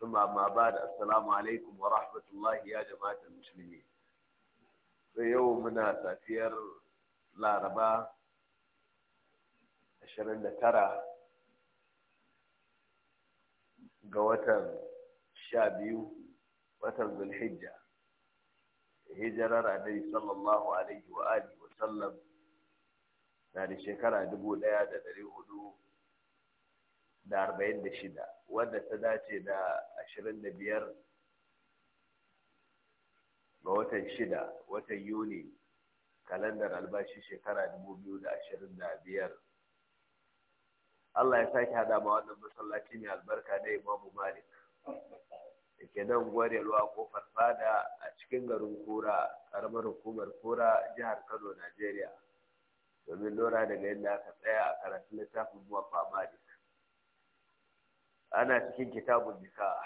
ثم أما بعد السلام عليكم ورحمة الله يا جماعة المسلمين في يومنا سافير لا ربا عشرين ترى قوة شابيو watan zulhijja hijirar annabi sallallahu alaihi wa alihi wa na da shekara dubu ɗaya da ɗari hudu da arba'in da shida wanda ta dace da ashirin da biyar ga watan shida watan yuni kalandar albashi shekara dubu biyu da ashirin da biyar Allah ya sake hada ma wannan masallaci mai albarka da Imamu Malik da ke nan gwarewa kofar fada a cikin garin kura karamar hukumar kura jihar Kano Najeriya domin lura daga yadda aka tsaya a karatun littafin Muwaffa Malik ana cikin kitabun nikah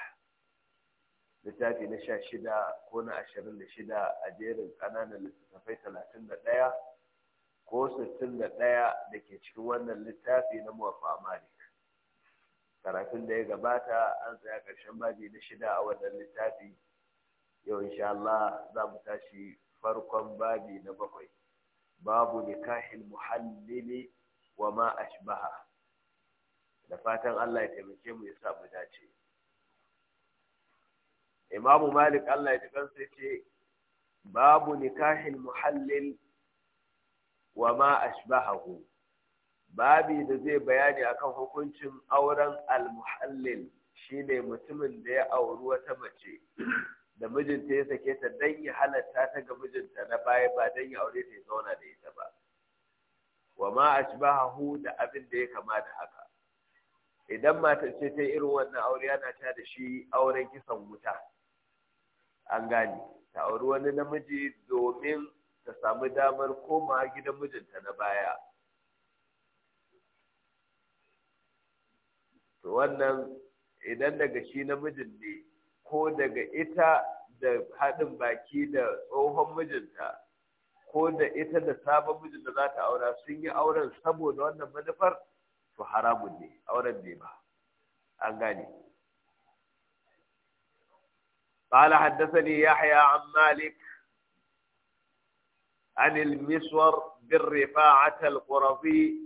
littafi na sha shida ko na ashirin da shida a jerin ƙananan littattafai talatin da ɗaya ko sittin da ɗaya da ke cikin wannan littafi na muwafa malik karatun da ya gabata an tsaya ƙarshen babi na shida a wannan littafi yau insha Allah za mu tashi farkon babi na bakwai babu nikahil muhallili wa ma ashbaha da fatan Allah ya taimake mu ya sa mu dace Imam Malik Allah ya ji kansa ce babu nikahil muhallil wa ma ashbahahu babi da zai bayani akan hukuncin auren al-muhallil shine mutumin da ya auri wata mace da mijinta ya sake ta dan ya halatta ta ga mijinta na baya ba dan ya aure ta ya zauna da ita ba wa ma ashbahahu da abin da ya kama da haka idan matar ce ta irin wannan aure yana ta da shi auren kisan wuta an gane ta auri wani namiji domin ta samu damar koma gidan mijinta na baya to wannan idan daga shi namijin ne ko daga ita da haɗin baki da tsohon mijinta ko da ita da sabon mijinta da za ta aura sun yi auren saboda wannan manufar to haramun ne auren ne ba an gane قال حدثني يحيى عن مالك عن المسور بن رفاعة القرظي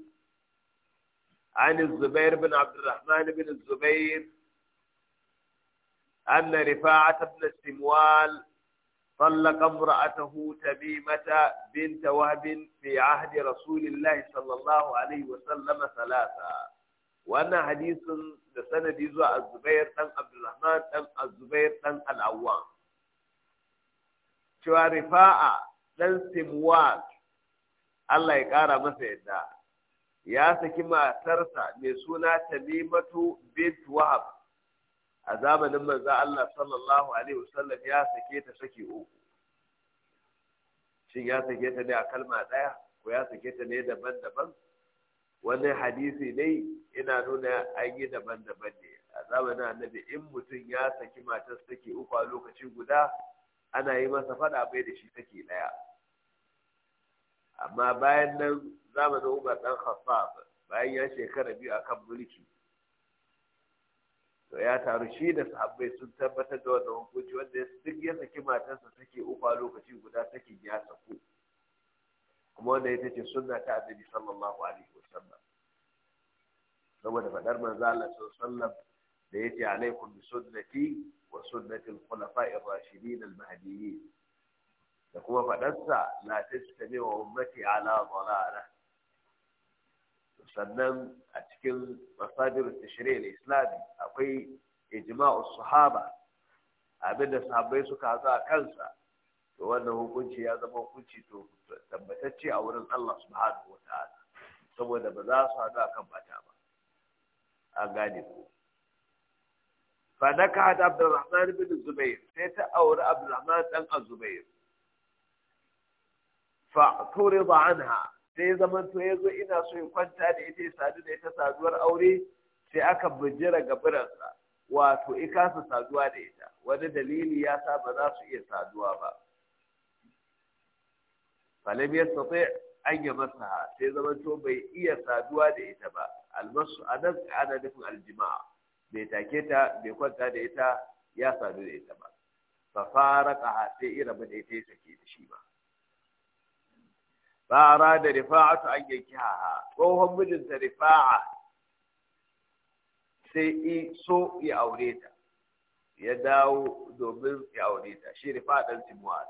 عن الزبير بن عبد الرحمن بن الزبير أن رفاعة بن السموال طلق امرأته تميمة بنت وهب في عهد رسول الله صلى الله عليه وسلم ثلاثة وأنا حديث لسند يزوى الزبير أم عبد الرحمن أم الزبير أم العوام شو رفاعة ɗan Simwat Allah ya ƙara masa yadda ya saki matarsa mai suna Tamimatu bint Wahab a zamanin manzo Allah sallallahu alaihi wasallam ya sake ta saki uku shin ya sake ta ne a kalma daya ko ya sake ta ne daban-daban Wani hadisi ne, ina nuna an yi daban-daban ne a zamanin annabi in mutum ya saki matar saki uku a lokaci guda ana yi masa fada bai da shi saki daya amma bayan nan zamanin umar ɗan khattab bayan ya shekara biyu akan mulki to ya taru shi da sahabbai sun tabbatar da wannan hukunci wanda duk ya saki matarsa take ufa lokaci guda take ya saku kuma wanda ita ce sunna ta annabi sallallahu alaihi wasallam saboda fadar manzo Allah sallallahu da yace alaikum bi sunnati wa sunnati al-khulafa'i ar-rashidin al-mahdiyyin da kuma fadarsa la tajtami wa ummati ala dalalah sannan a cikin tashiri na islami akwai ijma'u sahaba abinda sahabbai suka haza a kansa to wannan hukunci ya zama hukunci to tabbatacce a wurin Allah subhanahu ta'ala saboda ba za su hadu kan bata ba a gane ku fa nakahat Abdurrahman bin Zubair sai ta aure Abdurrahman dan Zubair fa turida anha sai ya to ya zo ina so ya kwanta da ita ya sadu da ita saduwar aure sai aka bijira ga biransa wato ka sa saduwa da ita wani dalili ya sa ba za su iya saduwa ba falam ya sati an yi masa sai zama to bai iya saduwa da ita ba almasu anan ana nufin aljima'a bai take ta bai kwanta da ita ya sadu da ita ba fa fara sai ira ba da ita ya sake da shi ba fa da rifa'atu an haha. tsohon mijinta rifa'a sai i so ya aure ta ya dawo domin ya aure ta shi rifa'a dan timuwar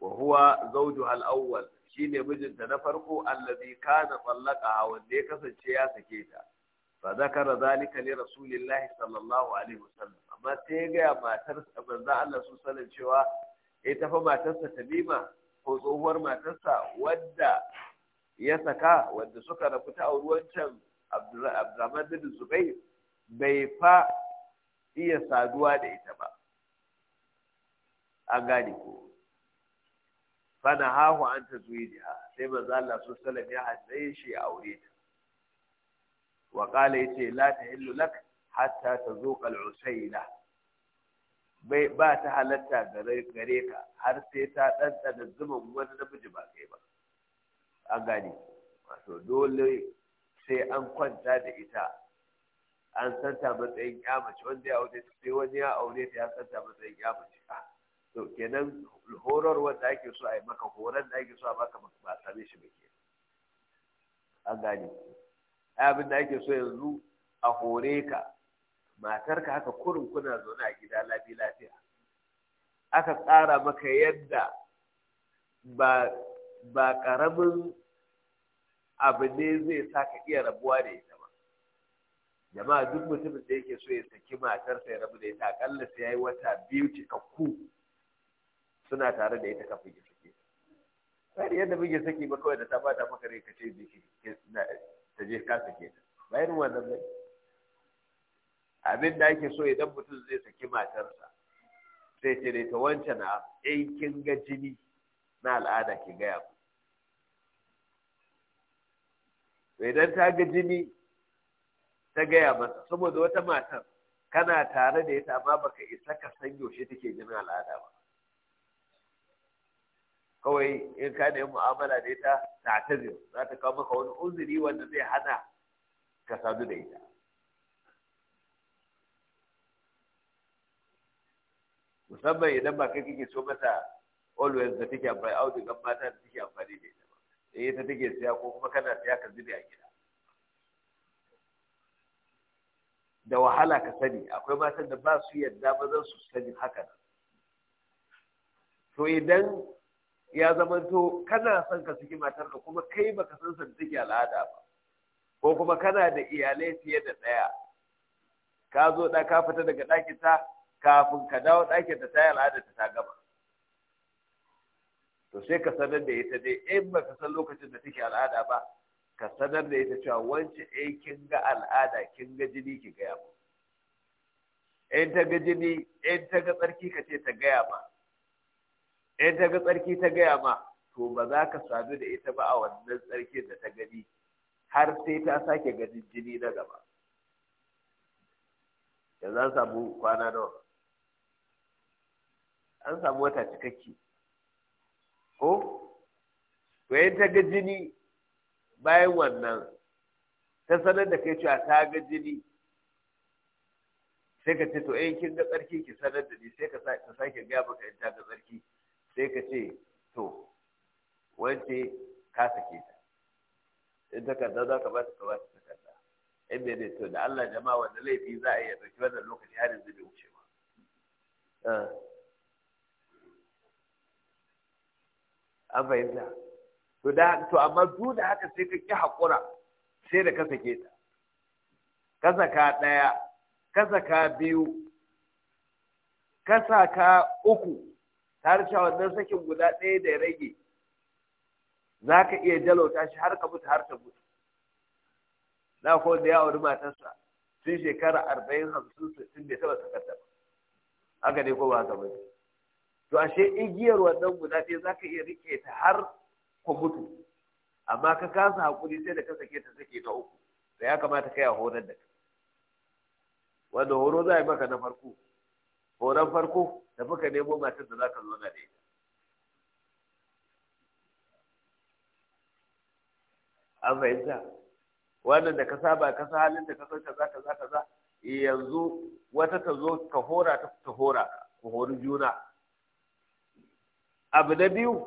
wa huwa zawjuha al-awwal shine mijinta na farko allazi kana tsallaka wanda ya kasance ya sake ta fa zakara zalika li rasulillahi sallallahu alaihi wasallam amma sai ya ga matar manzo Allah su sanin cewa ita fa matarsa talima ko tsohuwar matarsa wadda ya saka wadda suka rabu ta auri can, abdurrahman bin zubair bai fa iya saduwa da ita ba an gane ko fana hahu an ta zuwijiha sai manzo Allah su sallam ya haddaye shi a aure ta wa qala yace la tahillu lak hatta tazuqa al-usayla bai ba ta halatta gare ka har sai ta ɗanɗana zuman wani namiji ba kai ba an gani wato dole sai an kwanta da ita an santa matsayin kyamace wanda ya aure ta sai wani ya aure ta ya santa matsayin kyamace ka ah, to kenan horar wanda ake so a yi maka horar da ake so a maka ba same shi ba ke an gani abin da ake so yanzu a hore ka matarka haka kurin kuna zaune a gida lafiya lafiya aka tsara maka yadda ba ƙaramin abu ne zai sa ka iya rabuwa da ita ba jama'a duk mutumin da yake so ya saki matarsa ya rabu da ita akalla sai ya yi wata biyu cikakku suna tare da ita kafin ya saki. yadda muke saki ba kawai da ta bata maka rai ka ce ta je ka sake ta bayan wannan bai abin da ake so idan mutum zai saki matarsa sai ce dai ta wancan na aikin eh, ga jini na al'ada ki gaya ku. idan ta ga jini ta gaya masa saboda wata matar kana tare da ita amma baka isa ka san yaushe take jinin al'ada ba kawai in ka nemi mu'amala da ita ta za ta kawo maka wani uzuri wanda zai hana ka sadu da ita musamman idan ba kai kike so mata always da take amfani ga mata da take amfani da ita ba eh ta take siya ko kuma kana siya ka zube a gida da wahala ka sani akwai matan da ba su yadda ba zan su sani haka nan to idan ya zamanto kana son ka saki matar ka kuma kai baka san san take al'ada ba ko kuma kana da iyalai fiye da ɗaya ka zo da ka fita daga ɗakin ta kafin ka dawo ɗakin ta tayi al'ada ta ta gama to sai ka sanar da ita dai in ba ka san lokacin da take al'ada ba ka sanar da ita cewa wance eh kin ga al'ada kin ga jini ki gaya ma. in ta ga jini in ta ga tsarki ka ce ta gaya ma in ta ga tsarki ta gaya ma to ba za ka sadu da ita ba a wannan tsarkin da ta gani har sai ta sake ganin jini na gaba yanzu an samu kwana nawa an samu wata cikakke ko yayin ta ga jini bayan wannan ta sanar da kai cewa ta ga jini sai ka ce to eh kin ga tsarki ki sanar da ni sai ka sake gaya maka in ta ga tsarki sai ka ce to wance ka sake ta in takarda za ka ba ta ka ba ta takarda in bai ne to da Allah jama'a wanda laifi za a yi a ɗauki wannan lokaci har yanzu bai wuce ba ah. an fahimta to da to amma duk da haka sai ka ki haƙura sai da ka sake ta ka saka ɗaya ka saka biyu ka saka uku har cewa wannan sakin guda ɗaya da ya rage za ka iya jalauta shi har ka mutu har ta mutu na ko da ya matarsa tun shekara arba'in hamsin sittin da taɓa sakatta haka ne ko ba haka ba to ashe igiyar wannan guda ɗaya za ka iya rike ta har ku mutu amma ka kasa hakuri sai da ka sake ta sake ta uku da ya kamata kai a horar da wanda horo za a yi maka na farko horon farko da ka nemo matar da za ka zo na ɗaya an fahimta wannan da ka saba ka sa halin da ka san kaza kaza kaza eh, yanzu wata ta zo ka hora ta ta hora ku hori juna abu na biyu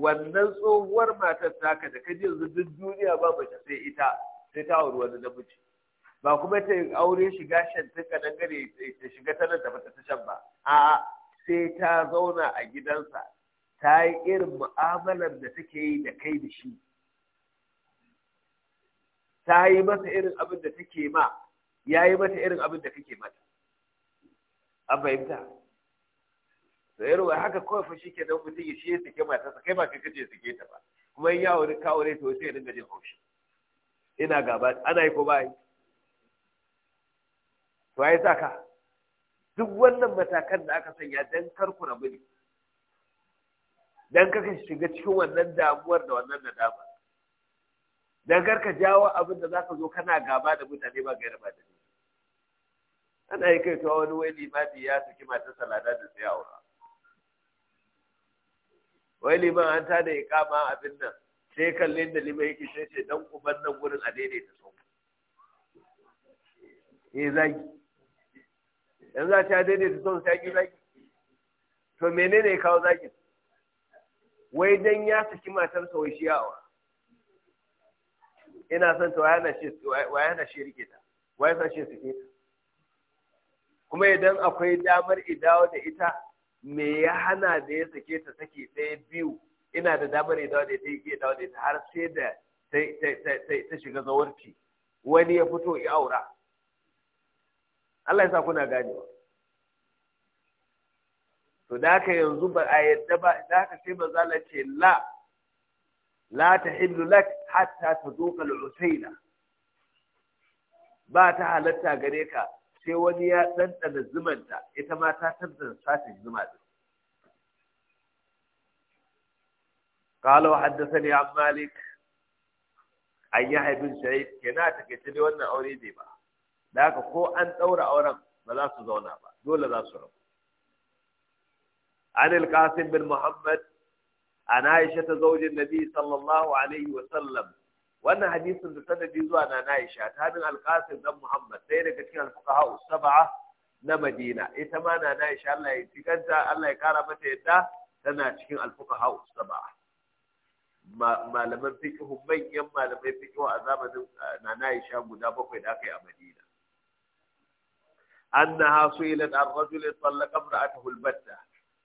wannan tsohuwar matar taka da kaji yanzu duk duniya ba mace sai ita sai ta auri wani namiji ba kuma ta aure shiga shantin ka dangane ta shiga ta nan ta fata ta shan ba a sai ta zauna a gidansa ta yi irin mu'amalar da take yi da kai da shi ta yi masa irin abin da take ma ya yi mata irin abin da kake mata an fahimta sayar wa haka kawai fa shike dan mutum ya shiye sike sa kai ba kai kace sike ta ba kuma in ya wuri ka wuri to sai ya dinga jin haushi ina gaba ana yi ko ba yi to ai saka duk wannan matakan da aka sanya dan karku rabu ne dan kaka shiga cikin wannan damuwar da wannan nadama dan karka jawo abin da zaka zo kana gaba da mutane ba gaira ba da ana yi kai to wani wani limami ya saki matarsa salada da sai aura wai liman an ta da ikama abin nan sai kallon da liman yake sai ce dan uban nan gurin a daidaita sau eh zagi yanzu za ta daidaita sau ta yi zagi to menene ya kawo zagin wai dan ya saki matarsa wai shi yawa ina son ta wayana shi wayana shi rike ta wayana shi suke ta kuma idan akwai damar idawo da ita me ya hana da ya sake ta sake ɗaya biyu ina da damar ya dawo da ya dawo da ta har sai da ta shiga zawarci wani ya fito ya aura Allah ya sa kuna gane to da yanzu ba a yadda ba da haka sai ba zala ce la la ta Hindu lak hatta ta al-usaila ba ta halatta gare ka sai wani ya ɗanɗana zumanta ita ma ta ɗanɗana satin zuma ɗin قال وحدثني عن مالك an yahya bin shahid kenan ta kace dai wannan aure ne ba da haka ko an daura auren ba za su zauna ba dole za su rabu an al-qasim bin muhammad an aisha ta zaujin nabi sallallahu alaihi wa sallam wannan hadisin da sanadi zuwa na Aisha ta bin Al-Qasim dan Muhammad sai daga cikin al-fuqaha sab'a na Madina ita ma na Aisha Allah ya tikanta Allah ya kara mata yadda tana cikin al-fuqaha sab'a malaman fiqh manyan malamai fiqh a zamanin na Aisha guda bakwai da aka yi a Madina annaha su'ilat ar-rajul sallaqa imra'atahu al-batta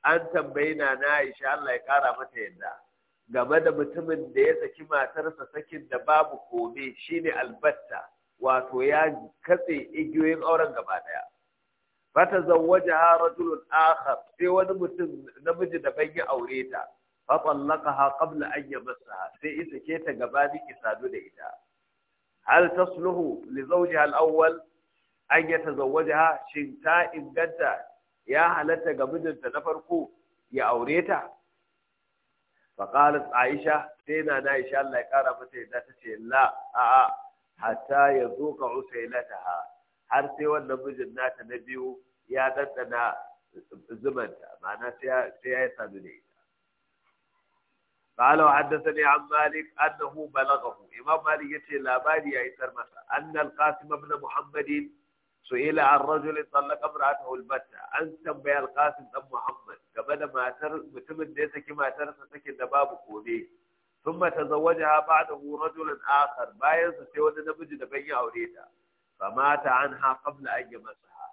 an tambayi na Aisha Allah ya kara mata yadda game da mutumin da ya saki matarsa sakin da babu kome shine albatta wato ya katse igiyoyin auren gaba daya fata zawwaja rajulun akhar sai wani mutum namiji da ban ya aure ta fa tallaqaha qabla an yamassaha sai isa ke ta gabanin isadu da ita hal tasluhu li zawjiha al-awwal an yatazawwajaha shin ta inganta ya halatta ga mijinta na farko ya aure ta faƙalar aisha sai na na isha Allah ya ƙara mata yadda ta ce la a'a hatta ya zo ka usailataha har sai wannan mijin nata na biyu ya ɗanɗana zumanta ma'ana sai ya yi sanu da ita قال وحدثني عن مالك أنه بلغه إمام مالك يتي لا باري يا إسر مثلا أن القاسم بن محمد Su an rajulin tsallaka imra'atahu albatta an tambaya alqasim ɗan muhammad gaba da mutumin da ya saki matarsa sakin da babu Sun kome ثم تزوجها بعده رجل آخر باين سيوان نمج دبن أوريتا فمات عنها قبل أن يمسها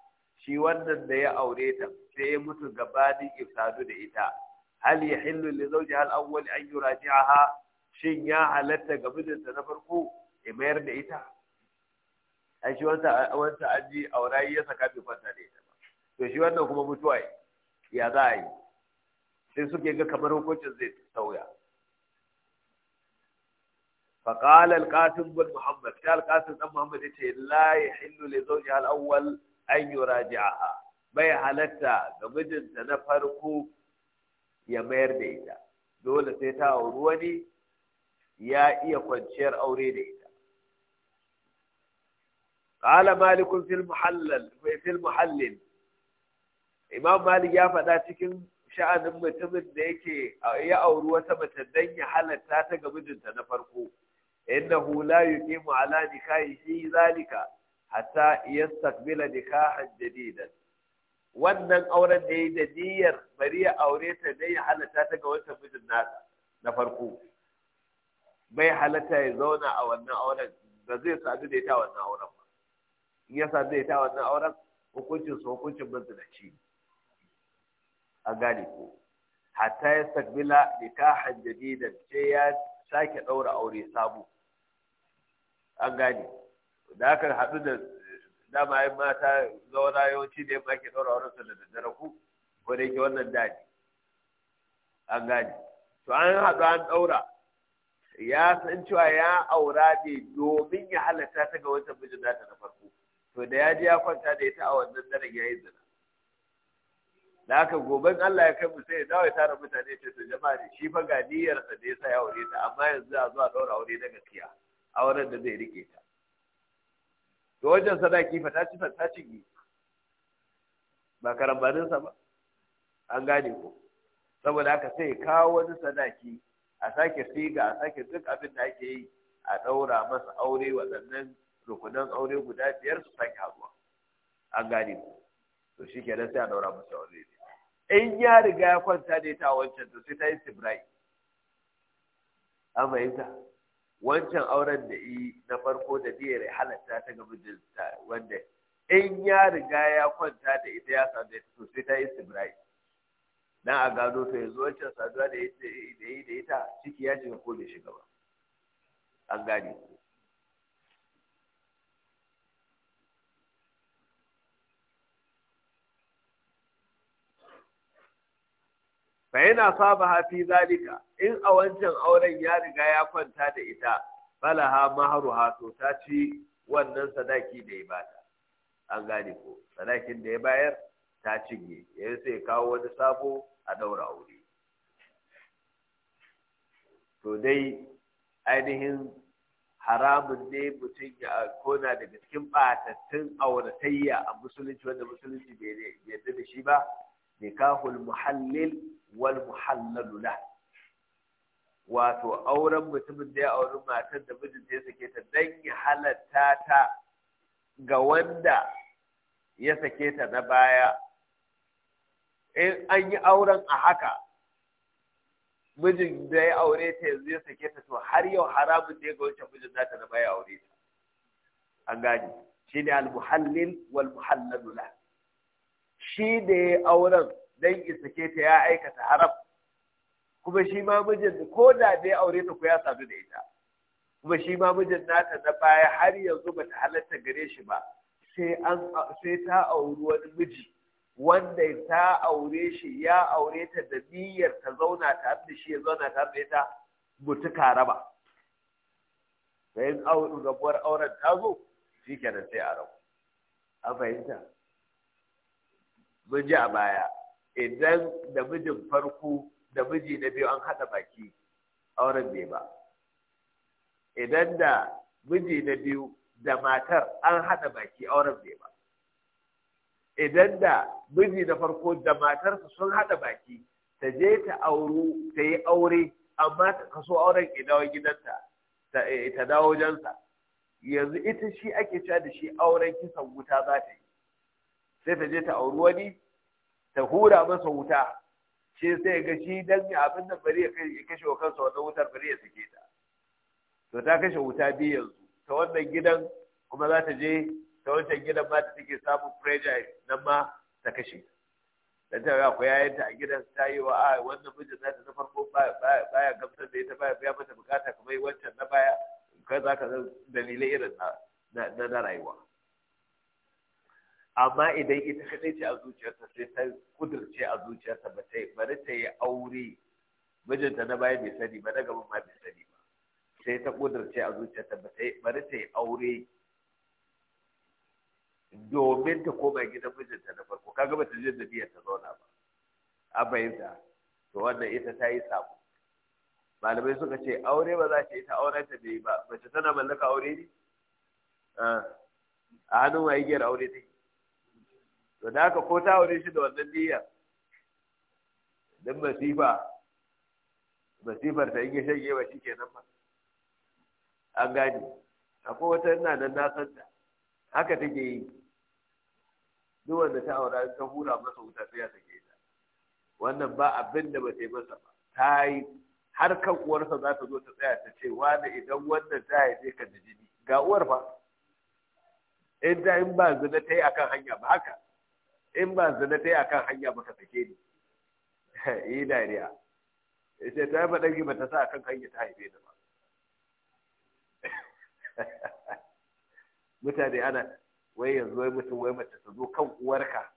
shi wannan da ya aure ta sai ya mutu gabanin ifsadu da ita Hali hal yahillu li zawjiha al-awwal an yuraji'aha shin ya halatta ga mijinta na farko I mayar da ita ai shi wanta an ji aura ya saka kwanta da ita to shi wannan kuma mutuwa ya za a yi sai suke ga kamar hukuncin zai sauya فقال القاسم بن محمد قال القاسم بن محمد يتي لا يحل لزوجها الاول ان يراجعها bai halatta ga mijinta na farko ya mayar da ita dole sai ta auri wani ya iya kwanciyar aure da ita قال مالك في المحلل في المحلل imam malik ya faɗa cikin sha'anin mutumin da yake ya auri wata mace dan ya halatta ta ga mijinta na farko innahu la yuqimu ala nikahihi zalika hatta yastaqbila nikahan jadidan wannan auren da yayi da niyyar bari ya aure ta dan ya halatta ta ga wata mijin nasa na farko bai halatta ya zauna a wannan auren ba zai sadu da ita wannan auren yasa zai ta wannan auren hukuncin su hukuncin mazinaci a gane ko hatta ya ka nikahan jadidan sai ya sake ɗaura aure sabu an gane da aka haɗu da dama yin mata zauna yawanci da yamma ke ɗaura aure su da daddare ku ko da yake wannan daji an gane to an haɗu an ɗaura ya san cewa ya aura ne domin ya halatta ta ga wancan mijin nata na farko to da ya ji ya kwanta da ita a wannan daren ya yi zina da haka goben Allah ya kai mu sai ya dawo ya tara mutane ce to jama'a ne shi fa ga niyyarsa da yasa ya aure ta amma yanzu a zuwa ɗaura aure na gaskiya auren da zai rike ta to wajen sadaki fa ta ci ta ci ba sa ba an gane ko saboda haka sai kawo wani sadaki a sake siga a sake duk abin da ake yi a ɗaura masa aure waɗannan rukunan aure guda biyar su sake haɗuwa an gane ku to shi kenan sai a daura musu aure ne in ya riga ya kwanta da ita a wancan to sai ta yi sibrai an fahimta wancan auren da yi na farko da biyar halatta ta ga mijinta wanda in ya riga ya kwanta da ita ya sadu to sai ta yi sibirai dan a gano to yanzu wancan saduwa da yi da ita ciki ya shiga ko bai shiga ba an gane ku fa yana saba hafi zalika in a wancan auren ya riga ya kwanta da ita falaha maharuha to ta ci wannan sadaki da ya bata an gane ko sadakin da ya bayar ta cinye yayin sai kawo wani sabo a daura aure to dai ainihin haramun ne mutum ya kona daga cikin batattun auratayya a musulunci wanda musulunci bai yarda da shi ba nikahul muhallil wal muhallalu la wato auren mutumin da ya auri matar da mijin ya sake ta dan ya halatta ta ga wanda ya sake ta na baya in an yi auren a haka mijin da ya aure ta yanzu ya sake ta to har yau haramun da ya ga wancan mijin nata na baya aure ta an shi ne al-muhallil wal muhallalu la shi da ya auren don isake ta ya aikata haram kuma shi ma mijin ko da bai aure ta ko ya sadu da ita kuma shi ma mijin nata na baya har yanzu ba ta halatta gare shi ba sai an sai ta auri wani miji wanda ta aure shi ya aure ta da niyyar ta zauna tare da shi ya zauna tare da ita mutu raba sai in rabuwar auren ta zo shi kenan sai a rabu a fahimta mun ji a baya idan da mijin farko da miji na biyu an haɗa baki auren bai ba idan da miji na biyu da matar an haɗa baki auren bai ba idan da miji na farko da matarsa sun haɗa baki ta je ta auru ta yi aure amma ta kaso auren idawa gidanta ta eh, dawo jansa yanzu ita shi ake cewa da shi auren kisan wuta za ta yi sai ta je ta auri wani ta hura masa wuta shi sai ga shi dan abin da bari ya kashe wa kansa wannan wutar bari ya sake ta to ta kashe wuta biyu yanzu ta wannan gidan kuma za ta je ta wancan gidan ma ta take samun pressure nan ma ta kashe ta ta ga ku ta a gidan ta yi wa a wannan mijin za ta na farko baya gamsar da ita baya biya mata bukata kamar wancan na baya kai za ka dalilai irin na rayuwa amma idan ita kaɗai ce a zuciyarsa sai ta kudurce a zuciyarsa ba ta bari ta yi aure mijinta na baya bai sani ba na gaba ma bai sani ba sai ta kudurce a zuciyarta ba ta bari ta yi aure domin ta koma gidan mijinta na farko kaga ba ta je da biyar ta zauna ba a bayyanta to wannan ita ta yi sabo malamai suka ce aure ba za ta yi ta auren ta bai ba mace tana mallaka aure ne ah. a hannun wa yi gyara aure take to da haka ko ta aure shi da wannan niyyar don masifa masifar ta in ya ba shi kenan ba an gane akwai wata ina nan na san ta haka take yi duk wanda ta aura ta hura masa wuta sai ya take ta wannan ba abin da ba ta yi masa ba ta yi har kan uwarsa za ta zo ta tsaya ta ce wani idan wannan ta haife ka da jini ga uwar fa in ta in ba zina ta yi akan hanya ba haka in ba zina ta yi akan hanya ba ka sake ni yi dariya ya ce ta yi maɗauki ba ta sa akan hanya ta haife ni ba mutane ana wai yanzu wai mutum wai mace ta zo kan uwarka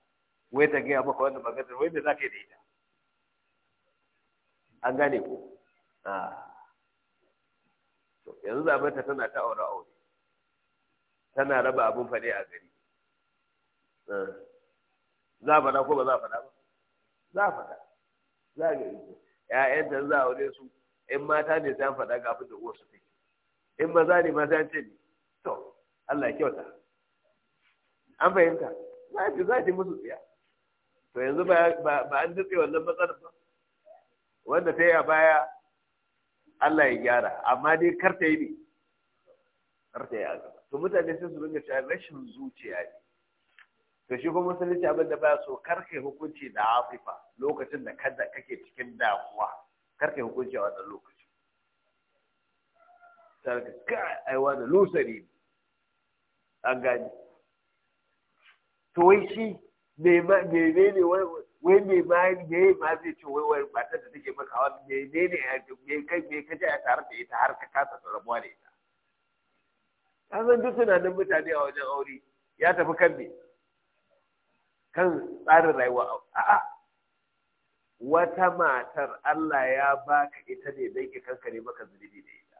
wai ta gaya maka wannan maganar wai me za ka yi da ita an gane ko ah. yanzu zamanta tana ta aure aure tana raba abin fade a gari ah. za a faɗa ko ba za a faɗa ba za a faɗa za a ga iko ƴaƴanta za a aure su in mata ne sai an faɗa ga abin da ta take in maza ne ma sai an ce ni to Allah ya kyauta an fahimta za ce za ce musu tsiya to yanzu ba an dutse wannan matsalar ba wanda ta yi a baya Allah ya gyara amma dai kar ta yi ne kar ta yi a gaba to mutane sai su dinga cewa rashin zuciya ne to shi kuma musulunci abin da ba so kar kai hukunci da afifa lokacin da kada kake cikin damuwa kar kai hukunci a wannan lokacin sarka ka ai wani lusari an gani to wai shi me ne wai ne ma yi ma zai ce wai wai matar da take maka wani me ne ne me kai mai kaji a tare da ita har ka kasa rabuwa da ita ka san duk nan mutane a wajen aure ya tafi kan me kan tsarin rayuwa a'a wata matar Allah ya baka ita ne don ki kankare maka zunubi da ita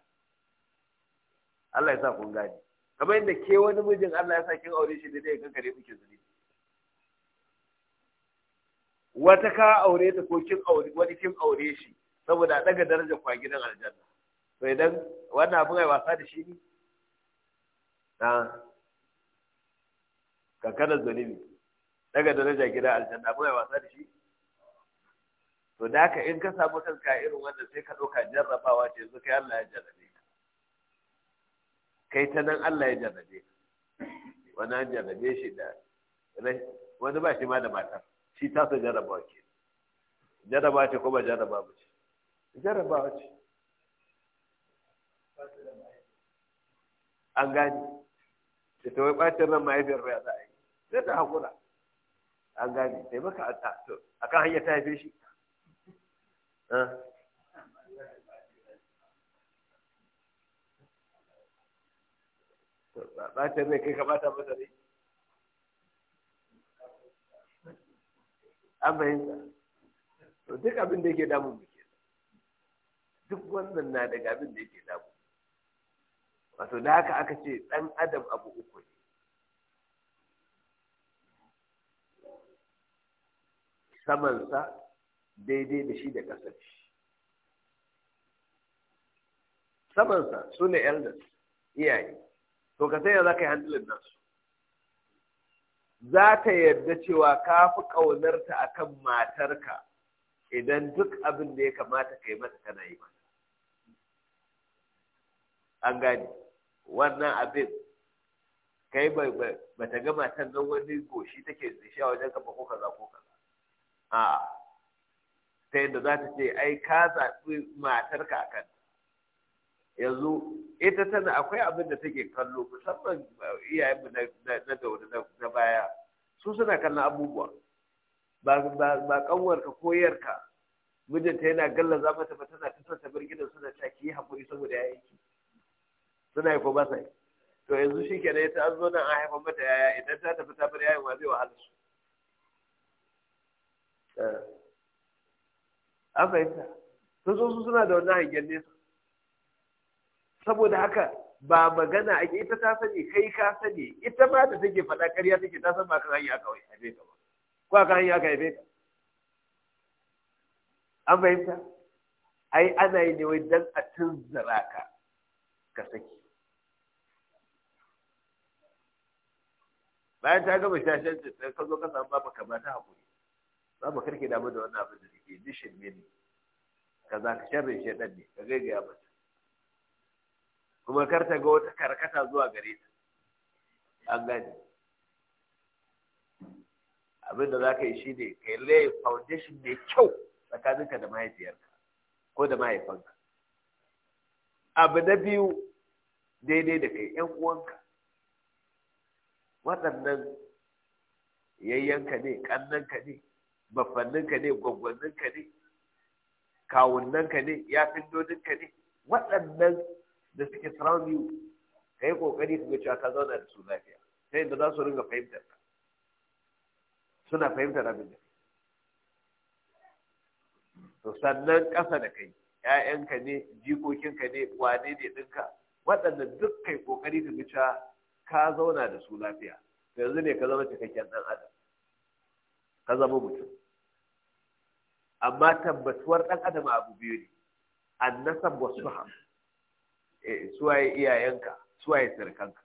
Allah ya sa kun gane kamar yadda ke wani mijin Allah ya sa kin aure shi da dai kankare miki zunubi wata ka aure ta ko kin aure wani kin aure shi saboda a daga daraja kwa gidan aljanna to idan wannan abin ai wasa da shi ne na kankana zunubi daga daraja gida aljanna ba wasa da shi to da ka in ka samu kanka irin wannan sai ka ɗauka jarrabawa ce yanzu kai Allah ya jarrabe ka kai ta nan Allah ya jarrabe ka wani an jarrabe shi da wani ba shi ma da matar shi ta so jarrabawa ke jarrabawa ce ko ba jarraba ba ce jarrabawa ce an gani da ta wai bacin ran mahaifiyar bai za a yi sai ta hakura an gane sai maka a kan hanyar ta haife shi ba mai kai kamata masa ne an bayyanta to duk abin da yake damun mu ke duk wannan na daga abin da yake damun wato da haka aka ce dan adam abu uku ne samansa daidai da shi da ƙasar shi samansa su ne elders iyaye to ka sanya za ka yi handilin nasu za ta yarda cewa ka fi ƙaunarta a kan matarka idan duk abin da ya kamata ka yi mata kana yi mata an gane wannan abin kai ba ta gama matan nan wani goshi take zishiya wajen ka ko kaza ko kaza a ta yadda za ta ce ai ka zaɓi matarka a kan yanzu ita tana akwai abin da take kallo musamman eh, iyayenmu na gauda na baya su suna kallon abubuwa ba kanwarka ko yarka mijinta yana za mata tana ta bar gidan suna ta ki haƙuri saboda ya yanki suna yi ko ba sai to yanzu shi kenan ita an zo nan an haifa mata yaya idan ta tafi ta bar yayin wa zai wahala su Eh. an fahimta sun so su suna da wannan hangen nesa saboda haka ba magana ake ita ta sani kai ka sani ita ma da take faɗa ƙarya take ta san ba ka hanya ka haife ka ba ko ka hanya ka haife ka an fahimta ai ana yi ne wai dan a tunzura ka ka saki bayan ta gama shashen ta ka zo ka samu ba ka ba ta hakuri za mu karke damu da wannan abin da suke ji shirme ne ka za ka shi shaidan ne ka gaigaya mata kuma kar ta ga wata karkata zuwa gare ta an gani. abin da za ka yi shi ne ka yi foundation mai kyau tsakaninka da mahaifiyarka ko da mahaifanka abu na biyu daidai da kai yan uwanka waɗannan yayyanka ne ƙannanka ne ka ne gwaggwanninka ne ka ne ya ka ne waɗannan da suke surround you ka yi ƙoƙari ka ga cewa ka zauna da su lafiya ta yadda za su ringa fahimtar ka suna fahimtar abin da to sannan ƙasa da kai ‘ya'yanka ne jikokinka ne wane ne ɗinka waɗannan duk kai ƙoƙari ka ga cewa ka zauna da su lafiya yanzu ne ka zama cikakken ɗan adam ka zama mutum amma tabbatuwar ɗan adam abu biyu ne Annasan wa eh, Su suwaye iyayenka suwaye sirkanka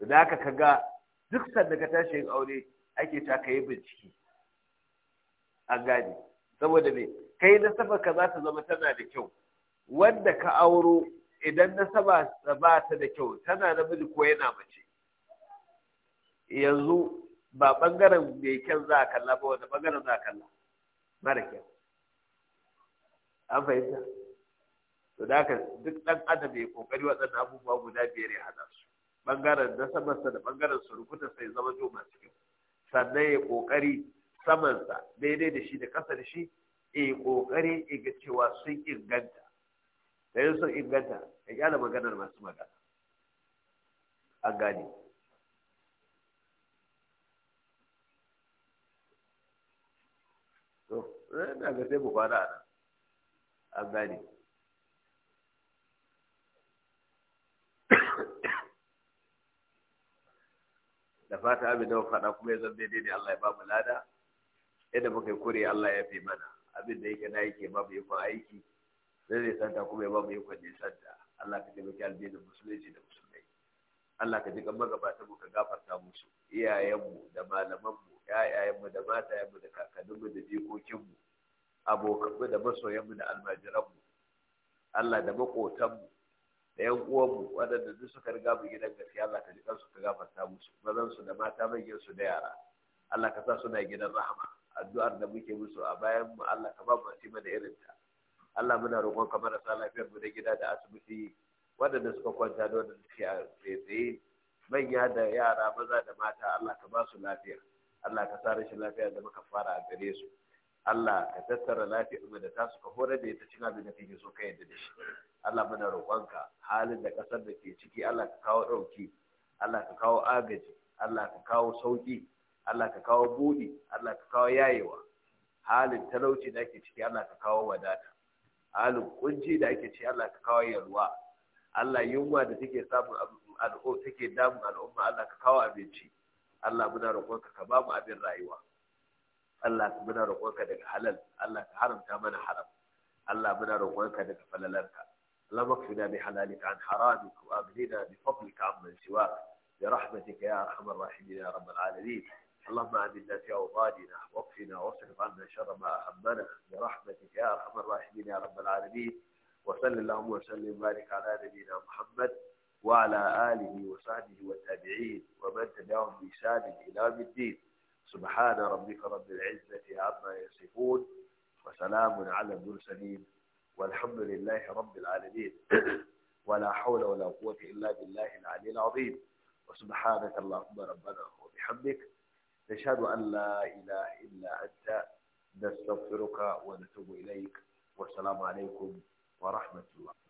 da aka ka ga duk sanda ka tashi yin aure ake ta ka yi bincike an gane saboda me kai nasaba ka za ta zama tana da kyau wanda ka auro idan nasaba ba ta da kyau tana da miji ko yana mace yanzu ba ɓangaren mai kyan za a kalla ba wanda bangaren za a kalla mara an fahimta to da haka duk dan adam ya kokari waɗannan abubuwa guda biyar ya hada su bangaren sa da bangaren surukuta sai zama jo masu kyau sannan ya kokari samansa daidai da shi da ƙasa da shi ya kokari ya ga cewa sun inganta da yin sun inganta ya kyala maganar masu magana an gane Eh, ina ga sai mu kwana a nan an gane da fata abin da faɗa kuma ya zama daidai ne Allah ya ba mu lada yadda muka yi kure Allah ya fi mana abin da yake na yake ba mu yi aiki zai zai santa kuma ya ba mu yi kwan nisanta Allah ka taimaki albinin musulunci da musulunci Allah ka ji kan magabata mu ka gafarta musu iyayenmu da malamanmu ƴaƴayenmu da matayenmu da kakanninmu da jikokinmu abokanmu da masoyanmu da almajiranmu Allah da maƙotanmu da ƴan uwanmu waɗanda duk suka riga mu gidan gaskiya Allah ka ji kansu ka gafarta musu mazansu da mata su da yara Allah ka sa suna gidan rahama addu'ar da muke musu a bayan mu Allah ka ba mu da irinta Allah muna roƙon ka marasa lafiyar mu da gida da asibiti waɗanda suka kwanta da wanda suke a tsaye manya da yara maza da mata Allah ka ba su lafiya Allah ka sa rashin lafiya zama ka fara a gare su Allah ka tattara lafiyar mu da tasu ka horar da ita cin abin da kake so ka yadda da shi Allah muna roƙonka halin da ƙasar da ke ciki Allah ka kawo ɗauki Allah ka kawo agaji Allah ka kawo sauƙi Allah ka kawo buɗi Allah ka kawo yayewa halin talauci da ake ciki Allah ka kawo wadata halin kunci da ake ciki Allah ka kawo yalwa Allah yunwa da take samu al'o take damu al'umma Allah ka kawo abinci Allah muna roƙon ka ba mu abin rayuwa Allah muna ka daga halal Allah ka haramta mana haram Allah muna ka daga falalarka اللهم اكفنا بحلالك عن حرامك واغننا amma عمن سواك rahmatika ya arhamar rahimin ya rabbal alamin اللهم اعذنا في اوطاننا واكفنا واصرف عنا شر ما اهمنا برحمتك يا ارحم الراحمين يا رب العالمين وصلى اللهم وسلم وبارك على نبينا محمد وعلى آله وصحبه والتابعين ومن تبعهم بسان إلى يوم الدين سبحان ربك رب العزة عما يصفون وسلام على المرسلين والحمد لله رب العالمين ولا حول ولا قوة إلا بالله العلي العظيم وسبحانك اللهم ربنا وبحمدك نشهد أن لا إله إلا أنت نستغفرك ونتوب إليك والسلام عليكم ورحمة الله